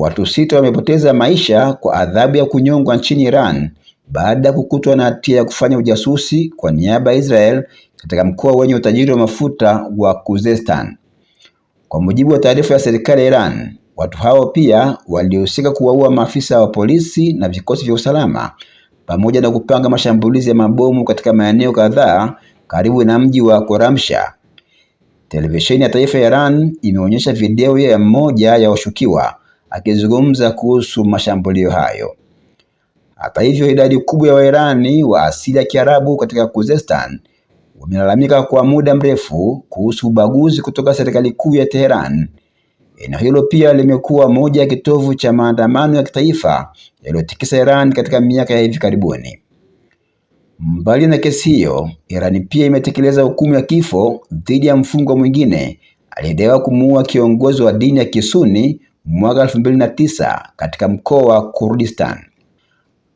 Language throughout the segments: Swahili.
Watu sita wamepoteza maisha kwa adhabu ya kunyongwa nchini Iran baada ya kukutwa na hatia ya kufanya ujasusi kwa niaba ya Israel katika mkoa wenye utajiri wa mafuta wa Khuzestan. Kwa mujibu wa taarifa ya serikali ya Iran, watu hao pia walihusika kuwaua maafisa wa polisi na vikosi vya usalama pamoja na kupanga mashambulizi ya mabomu katika maeneo kadhaa karibu na mji wa koramsha Televisheni ya taifa ya Iran imeonyesha video ya mmoja ya washukiwa akizungumza kuhusu mashambulio hayo. Hata hivyo, idadi kubwa ya Wairani wa asili ya Kiarabu katika Khuzestan wamelalamika kwa muda mrefu kuhusu ubaguzi kutoka serikali kuu ya Teheran. Eneo hilo pia limekuwa moja ya kitovu cha maandamano ya kitaifa yaliyotikisa Iran katika miaka ya hivi karibuni. Mbali na kesi hiyo, Iran pia imetekeleza hukumu ya kifo dhidi ya mfungwa mwingine aliyedaiwa kumuua kiongozi wa dini ya Kisuni mwaka 2009 katika mkoa wa Kurdistan.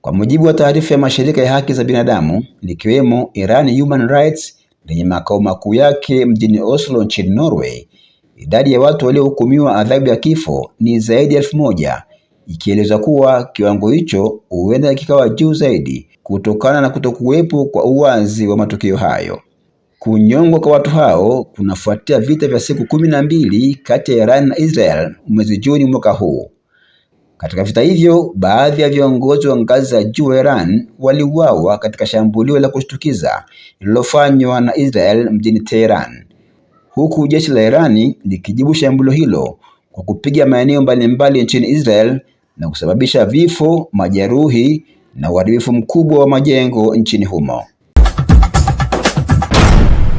Kwa mujibu wa taarifa ya mashirika ya haki za binadamu likiwemo Iran Human Rights lenye makao makuu yake mjini Oslo nchini Norway, idadi ya watu waliohukumiwa adhabu ya kifo ni zaidi ya elfu moja ikieleza kuwa kiwango hicho huenda kikawa juu zaidi kutokana na kutokuwepo kwa uwazi wa matukio hayo. Kunyongwa kwa watu hao kunafuatia vita vya siku kumi na mbili kati ya Iran na Israel mwezi Juni mwaka huu. Katika vita hivyo, baadhi ya viongozi wa ngazi za juu wa Iran waliuawa katika shambulio la kushtukiza lililofanywa na Israel mjini Tehran, huku jeshi la Irani likijibu shambulio hilo kwa kupiga maeneo mbalimbali nchini Israel na kusababisha vifo, majeruhi na uharibifu mkubwa wa majengo nchini humo.